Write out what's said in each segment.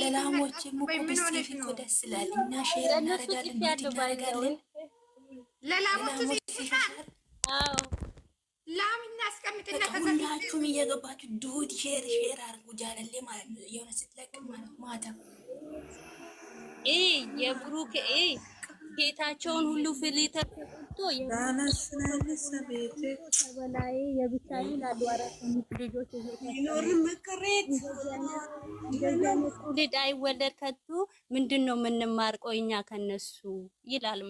ለላሞች ሙቁ ደስ ይላል እና ሼር እናደርጋለን እናደርጋለን። ላም እናስቀምጥና ሁላችሁም እየገባችሁ ዱት ሼር ሼር አድርጉ ጃለሌ ማለት ነው። የሆነ ስትለቅ ማታ የብሩክ እ ሁሉ ፍሊተር ተቆጥቶ በላይ የብቻዬን አሉ አራት አምስት አይወለድ ከቱ ምንድን ነው የምንማር? ቆይ እኛ ከነሱ ይላል።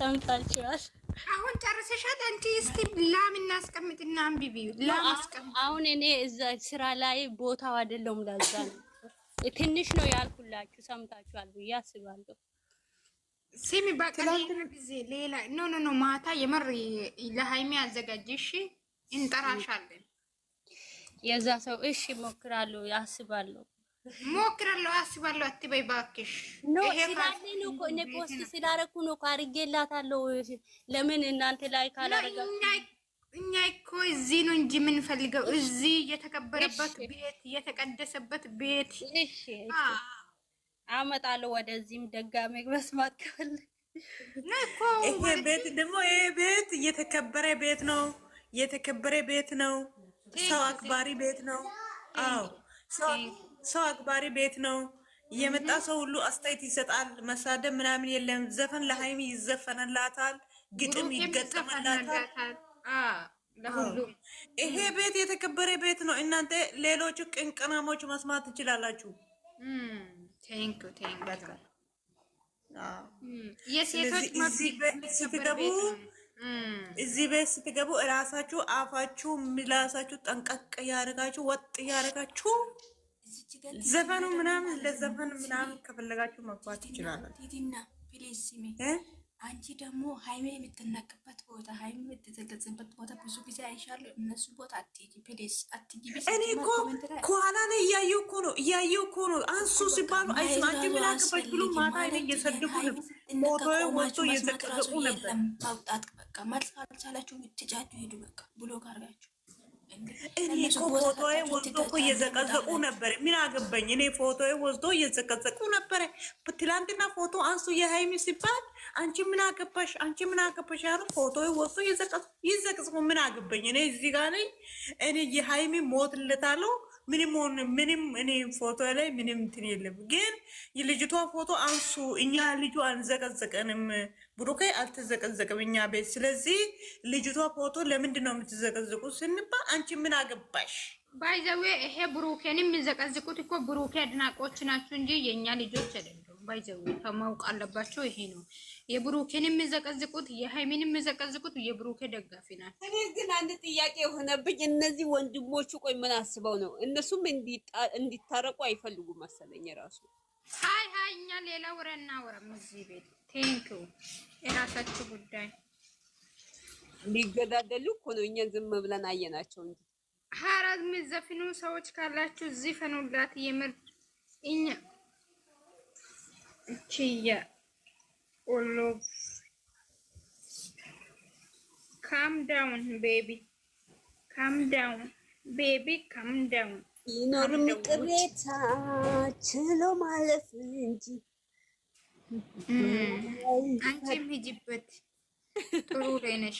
ሰምታችኋል። አሁን አንቺ። እስቲ ላም እናስቀምጥና አሁን እኔ እዛ ስራ ላይ ቦታው አይደለሁም። ላዛ ትንሽ ነው ያልኩላችሁ፣ ሰምታችኋል ብዬ አስባለሁ። ሲሚ በቃ ጊዜ ሌላ ኖ ኖ ኖ ማታ የመር ለሀይሚ አዘጋጅ። እሺ እንጠራሻለን። የዛ ሰው እሺ ሞክራለሁ፣ አስባለሁ፣ ሞክራለሁ፣ አስባለሁ አትበይ እባክሽ። ኖ ስላለኝ እኮ እኔ ፖስት ስላደረኩ ነው እኮ አድርጌላታለሁ። ለምን እናንተ ላይ ካላረጋ እኛ እኮ እዚህ ነው እንጂ የምንፈልገው እዚህ የተከበረበት ቤት የተቀደሰበት ቤት እሺ አመጣለሁ ወደዚህም ደጋሜ መስማት ከፈለግ ይሄ ቤት ደግሞ ይሄ ቤት የተከበረ ቤት ነው። የተከበረ ቤት ነው። ሰው አክባሪ ቤት ነው። አዎ ሰው አክባሪ ቤት ነው። የመጣ ሰው ሁሉ አስተያየት ይሰጣል። መሳደብ ምናምን የለም። ዘፈን ለሀይሚ ይዘፈንላታል፣ ግጥም ይገጠምላታል። ይሄ ቤት የተከበረ ቤት ነው። እናንተ ሌሎቹ ቅንቅናሞች መስማት ትችላላችሁ። ቴንኪው ቴንኪው በጣም እዚህ ቤት ስትገቡ እራሳችሁ አፋችሁ ምላሳችሁ ጠንቀቅ እያደረጋችሁ ወጥ እያደረጋችሁ ዘፈኑ ምናምን ለዘፈን ምናምን ከፈለጋችሁ መግባት ይችላል። አንቺ ደግሞ ሀይሜ የምትነቅበት ቦታ ሀይሜ የምትገለጽበት ቦታ ብዙ ጊዜ አይሻሉ እነሱ ቦታ አትሄጂ ፕሌስ አትሄጂ። እኔ እኮ ከኋላ ላይ እያየሁ እኮ ነው እያየሁ እኮ ነው። አንሱ ሲባሉ አይሱ አንቺ ምናቅበት ብሎ ማታ ላይ እየሰደቡ ነበር። ፎቶ ወጥቶ እየዘቀዘቁ ነበር። ማውጣት በቃ መልስ ካልቻላችሁ ትጫችሁ ሄዱ። በቃ ብሎ ካርጋችሁ እኔ እኮ ፎቶዬ ወስዶ እኮ እየዘቀዘቁ ነበር። ምን አገባኝ እኔ ፎቶዬ ወስዶ እየዘቀዘቁ ነበረ። ትላንትና ፎቶ አንሱ የሀይሚ ሲባል አንቺ ምን አገባሽ፣ አንቺ ምን አገባሽ ያሉ ፎቶዬ ወስዶ ይዘቅዝቁ። ምን አገባኝ እኔ እዚህ ጋር እኔ የሀይሚ ሞት ልታለው ምንም ሆነ ምንም እኔ ፎቶ ላይ ምንም እንትን የለም። ግን የልጅቷ ፎቶ አንሱ። እኛ ልጁ አንዘቀዘቀንም፣ ብሩኬ አልተዘቀዘቅም እኛ ቤት። ስለዚህ ልጅቷ ፎቶ ለምንድን ነው የምትዘቀዝቁ ስንባ፣ አንቺ ምን አገባሽ? ባይዘዌ ይሄ ብሩኬን የሚዘቀዝቁት እኮ ብሩኬ አድናቆች ናቸው እንጂ የእኛ ልጆች አይደለም። ባይዘዌ ከማውቅ አለባቸው ይሄ ነው የብሩኬን የሚዘቀዝቁት የሃይሚን የሚዘቀዝቁት የብሩኬ ደጋፊ ናቸው። እኔ ግን አንድ ጥያቄ የሆነብኝ እነዚህ ወንድሞቹ ቆይ ምን አስበው ነው? እነሱም እንዲታረቁ አይፈልጉም መሰለኝ ራሱ ሀይ ሀይ፣ እኛ ሌላ ወሬ እናወራም እዚህ ቤት። ቴንኪው የራሳችሁ ጉዳይ። ሊገዳደሉ እኮ ነው፣ እኛ ዝም ብለን አየናቸው እንጂ። ሀራት የሚዘፍኑ ሰዎች ካላችሁ እዚህ ፈኑላት። የምር እኛ ችያ ኦሎቭ ካም ዳውን ቤቢ ካም ዳውን ቤቢ ካም ዳውን። ይኖርም ቅሬታ ችሎ ማለፍ እንጂ አንቺም ሂጂበት፣ ጥሩ ነሽ።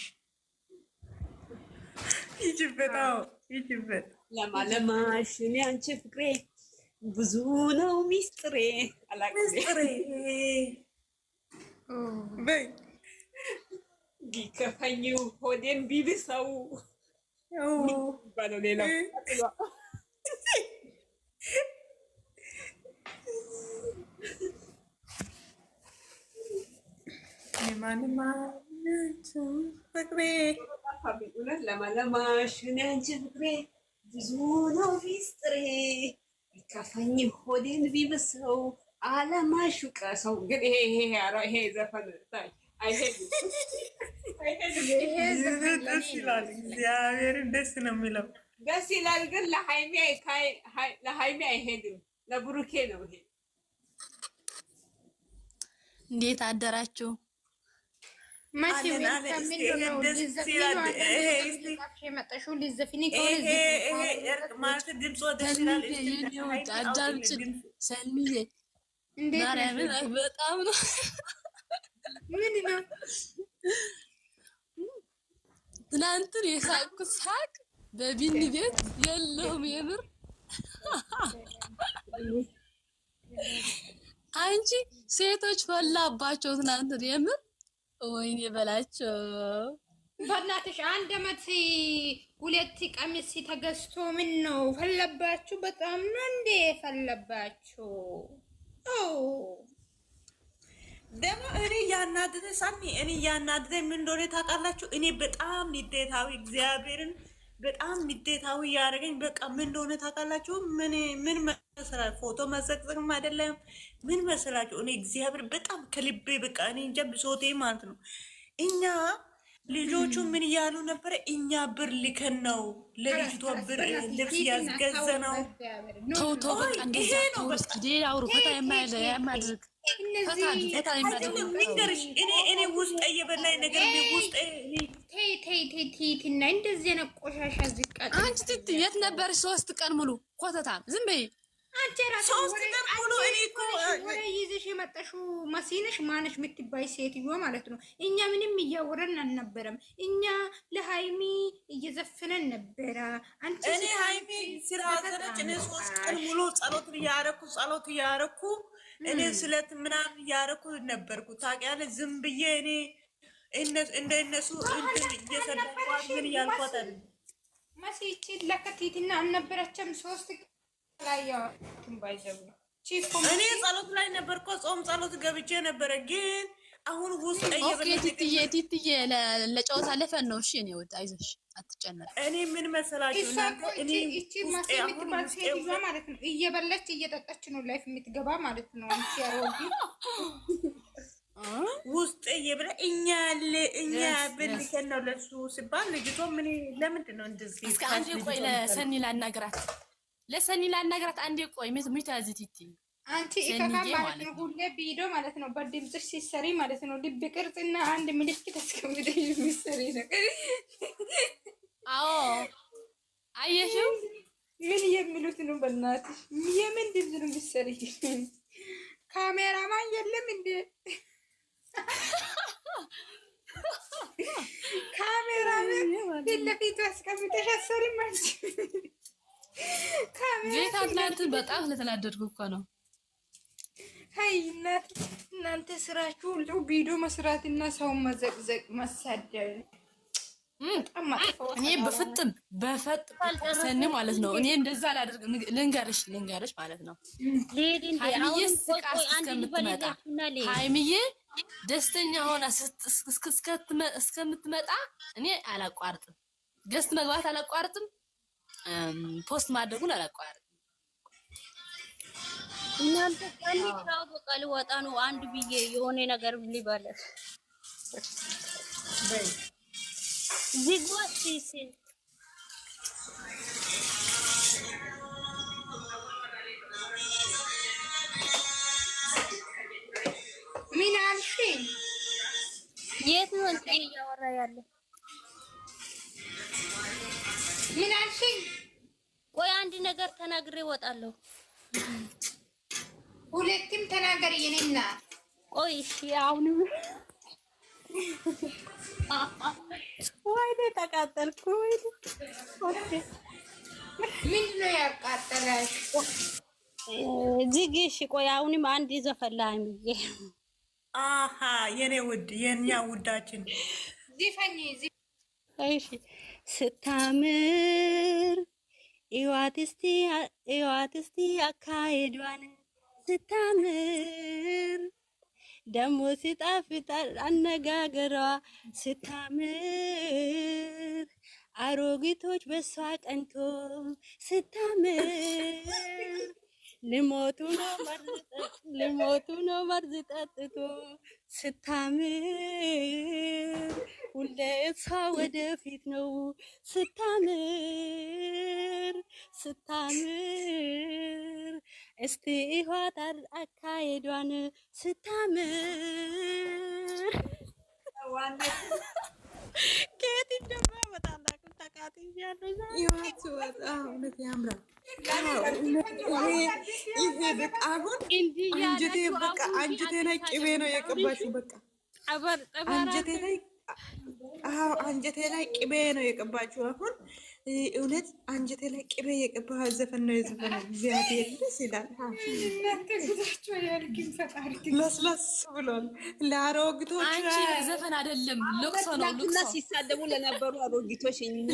ሂጂበት፣ አዎ ሂጂበት። ለማለማሽ እኔ አንቺ ፍቅሬ ብዙ ነው ሚስጥሬ አላቅም ቢከፋኝ ሆዴን ቢብሰው ባለው ሌላ የማንማቸው ፍቅሬ እውነት ለማለማሽ እኔ አንቺ ፍቅሬ ብዙ ነው ሚስጥሬ ቢከፋኝ ሆዴን ቢብሰው አለማሹቀ ሰው ግን ይሄ ይሄ ይሄ ዘፈን ደስ ደስ ነው የሚለው ደስ ይላል። ግን ለሀይሚ አይሄድም፣ ለብሩኬ ነው ይሄ። እንዴት አደራችሁ? መቼ እንዴት በጣም ነው። ምን ነው ትናንትን የሳቅኩት ሳቅ በቢኒ ቤት የለውም። የምር አንቺ ሴቶች ፈላባቸው ትናንትን። የምር ወይኔ በላቸው። በእናትሽ አንድ አመት ሁለት ቀሚስ ተገዝቶ ምን ነው ፈለባችሁ? በጣም ነው እንዴ ፈለባችሁ ደግሞ እኔ እያናደደ ሳሚ እኔ እያናደደ ምን እንደሆነ ታውቃላችሁ? እኔ በጣም ንዴታዊ እግዚአብሔርን በጣም ንዴታዊ ያደረገኝ በቃ ምን እንደሆነ ታውቃላችሁ? ምን ምን መስላችሁ? ፎቶ መዘቅዘቅም አይደለም ምን መስላችሁ? እኔ እግዚአብሔር በጣም ከልቤ በቃ እኔ እንጃ ብሶቴ ማለት ነው እኛ ልጆቹ ምን እያሉ ነበረ? እኛ ብር ልከን ነው ለልጅቷ ብር ልብስ ያስገዘ ነው። ተው አውሩ። ፈታ የማያደርግ እኔ ውስጥ እየበላኝ ነገር ውስጥ እንደዚህ ነው ቆሻሻ የት ነበርሽ ሶስት ቀን ሙሉ ኮተታ ዝም በይ ወሬ ይዘሽ የመጣሽው መሲነሽ ማነሽ የምትባይ ሴትዮ ማለት ነው። እኛ ምንም እያወረን አልነበረም። እኛ ለሃይሚ እየዘፈነን ነበረ። እኔ ሃይሚ ስራ አዘነች። እኔ ሶስት ቀን ሙሉ ጸሎት እያረኩ ጸሎት እያረኩ እኔ ስለት ምናምን እያረኩ ነበርኩ። ታውቂያለሽ ዝም ብዬ እኔ እንደ እነሱ እየሰደኳ ምን እያልኳት መሲ ለከቲትና አልነበረችም ሶስት እኔ ጸሎት ላይ ነበር እኮ ጾም ጸሎት ገብቼ ነበረ፣ ግን አሁን ውስጥ ቲትዬ ቲትዬ ለጨዋታ ለፈን ነው። እሺ እኔ ወጣ አይዞሽ፣ አትጨነቅ። እኔ ምን መሰላችሁ ማለት ነው፣ እየበላች እየጠጣች ነው ላይፍ የምትገባ ማለት ነው። አንቺ ያሮጊ ውስጥ የብለ እኛ ያለ እኛ ብልከን ነው ለሱ ሲባል ልጅቷ ምን ለምንድን ነው እንደዚህ? እስከ አንዴ ቆይ ለሰኒ ላናግራት ለሰኒ ላናግራት አንዴ ቆይ ሚታዝት ይት አንቺ ኢከካ ማለት ነው ሁሌ ቢዶ ማለት ነው በድምፅሽ ሲሰሪ ማለት ነው ልብ ቅርጽና አንድ ምልክት አስቀምጠሽ የሚሰሪ ነገር አዎ አየሽው ምን የሚሉት ነው በእናትሽ የምን ድምፅ ነው የሚሰሪ ካሜራማን የለም እንዴ ካሜራማን ፊት ለፊቱ አስቀምጠሽ አሰሪ ማለት ቤታ ትናንትን በጣም ስለተናደድኩ እኮ ነው። ሀይ እናት እናንተ ስራችሁ ሁሉ ቪዲዮ መስራትና ሰውን መዘቅዘቅ መሳደብ። እኔ በፍጥም በፈጥም ማለት ነው። እኔ እንደዛ ላደርግ ልንገርሽ ልንገርሽ ማለት ነው። ሀይሚዬ ስቃ እስከምትመጣ ሀይሚዬ ደስተኛ ሆና እስከምትመጣ እኔ አላቋርጥም፣ ገስት መግባት አላቋርጥም። ፖስት ማድረጉን አላቋረጥም። እናንተ ቀን ስራው ልወጣ ነው አንድ ብዬ የሆነ ነገር ሊባለ ምን የት ነው እያወራ ያለ? ምን አልሽኝ? ወይ አንድ ነገር ተናግሬ እወጣለሁ። ሁለቱም ተናገር የኔና ቆይ እሺ። አሁን ወይኔ ተቃጠልኩ። ምንድን ነው ያቃጠለሽ? እዚህ እሺ። ቆይ አሁንም አንድ ዘፈላኝ አሀ የኔ ውድ የኛ ውዳችን ዝፈኝ እሺ ስታምር ኢዋትስቲ እስቲ አካሄዷን ስታምር ደሞ ሲጣፍጣል አነጋገሯ ስታምር አሮጊቶች በሷ ቀንቶ ስታምር ልሞቱ ነው መርዝ ጠጥቶ ስታምር ሁሌ እሷ ወደፊት ነው ስታምር ስታምር እስቲ ይኋታል አካሄዷን ስታምር ከየት እንደማ በጣም ያምራል። ይሄ በቃ አሁን አንጀቴ በቃ አንጀቴ ላይ ቅቤ ነው የቀባችሁ በቃ አንጀቴ ላይ አንጀቴ ላይ ቅቤ ነው የቀባችው አሁን እውነት አንጀቴ ላይ ቅቤ የቀባ ዘፈን ነው የዘፈነው። እግዚአብሔር ደስ ይላል። እናንተ ያልግን ፈጣሪ ለስለስ ብሏል። ለአሮጊቶች ዘፈን አይደለም፣ ልቅሶ ነው። ልቅሶ ሲሳደቡ ለነበሩ አሮጊቶች እኚ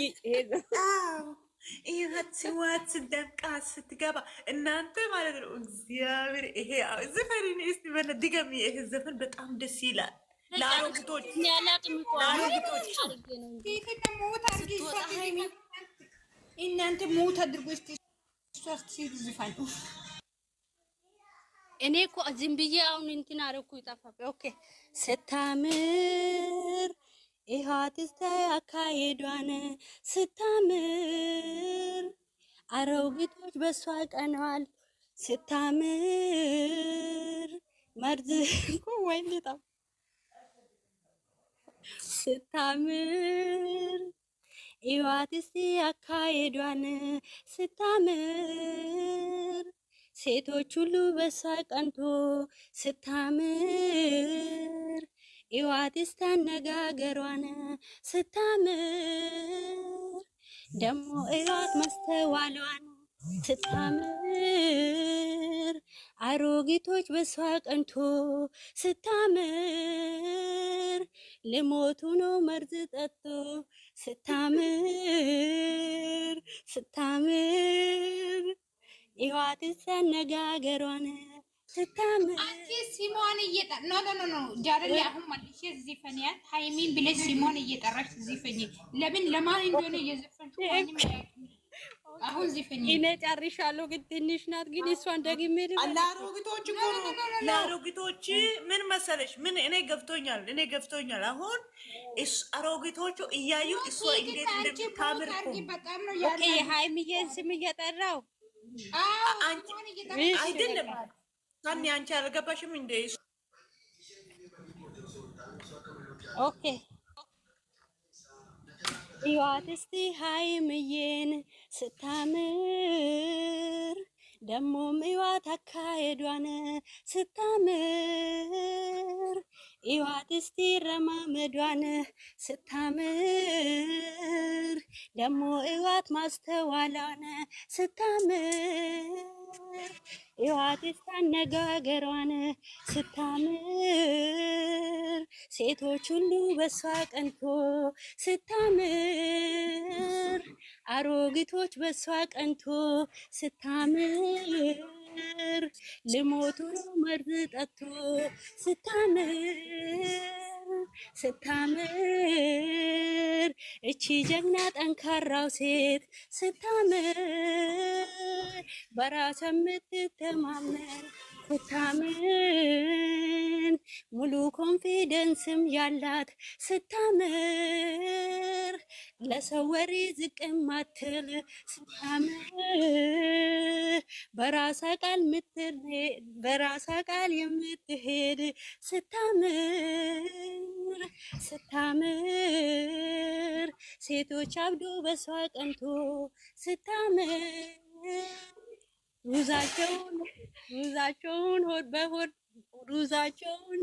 ይህት ዋት ስትደብቃ ስትገባ እናንተ ማለት ነው። እግዚአብሔር ይሄ ዘፈን ስ በለ ድገም። ይሄ ዘፈን በጣም ደስ ይላል። ለአሮጊቶች ለአሮጊቶች እናንተ ሙት አድርጎ ዝፋን እኔ እኮ ዝም ብዬ አሁን እንትን አደረኩ። ይጠፋል። ኦኬ ስታምር ይኸዋት እስተ አካሄዷን ስታምር አሮጊቶች በሷ ቀነዋል። ስታምር መርዝ ወይ ስታምር እዋትስ አካሄዷን ስታምር ሴቶች ሁሉ በሳ ቀንቶ ስታምር እዋትስ አነጋገሯን ስታምር ደግሞ እዋት መስተዋሏን ስታምር አሮጊቶች በሷ ቀንቶ ስታምር ልሞቱ ነው መርዝ ጠጥቶ ስታምር ስታምር ይዋት አነጋገሯን ስታምር አንቺ ሲሞን እየጠራ ኖ ኖ ኖ ጃረል አሁን መልሼ ዝፈንያት ሃይሚን ብለሽ ሲሞን እየጠራሽ ዝፈኝ። ለምን ለማን እንደሆነ እየዘፈንሽ አሁን ዝፍኝ እኔ ጨርሻለሁ። ግን ትንሽ ናት። ግን እሷን ደግሜ ለአሮጊቶች እኮ ነው ለአሮጊቶች ምን መሰለሽ? ምን እኔ ገብቶኛል፣ እኔ ገብቶኛል። አሁን አሮጊቶቹ እያዩ እሷ እንዴት እንደምታምር ሃይሚዬን ስም እየጠራው አይደለም። ሳኒ አንቺ አልገባሽም እንዴ? ኦኬ እዩዋት እስቲ ሀይምዬን ስታምር፣ ደሞ እዩዋት አካሄዷን ስታምር፣ እዩዋት እስቲ ረማመዷን ስታምር፣ ደሞ እዩዋት ማስተዋሏን ስታምር፣ እዩዋት እስቲ አነጋገሯን ስታምር ሴቶች ሁሉ በሷ ቀንቶ ስታምር፣ አሮጊቶች በሷ ቀንቶ ስታምር፣ ልሞቱ መርዝ ጠጥቶ ስታምር ስታምር እቺ ጀግና ጠንካራው ሴት ስታምር በራሷ የምትተማመን ስታምር ሙሉ ኮንፊደንስም ያላት ስታምር ለሰው ወሬ ዝቅ ማትል ስታምር በራሳ ቃል በራሳ ቃል የምትሄድ ስታምር ስታምር ሴቶች አብዶ በሷ ቀንቶ ስታምር ሩዛቸውን ሩዛቸውን ሆድ በሆድ ሩዛቸውን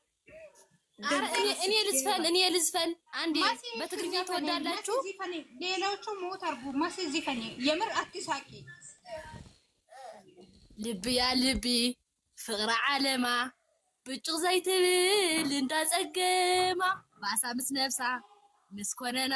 እኔ ልዝፈን እኔ ልዝፈን አንዴ። በትግርኛ ትወዳላችሁ። ሌላዎቹ ሞት አርጉ። ማሴ ዚፈኔ የምር አትሳቂ። ልቢ ያ ልቢ ፍቅረ ዓለማ ብጭቅ ዘይትብል እንዳጸገማ ባእሳ ምስ ነብሳ ምስ ኮነ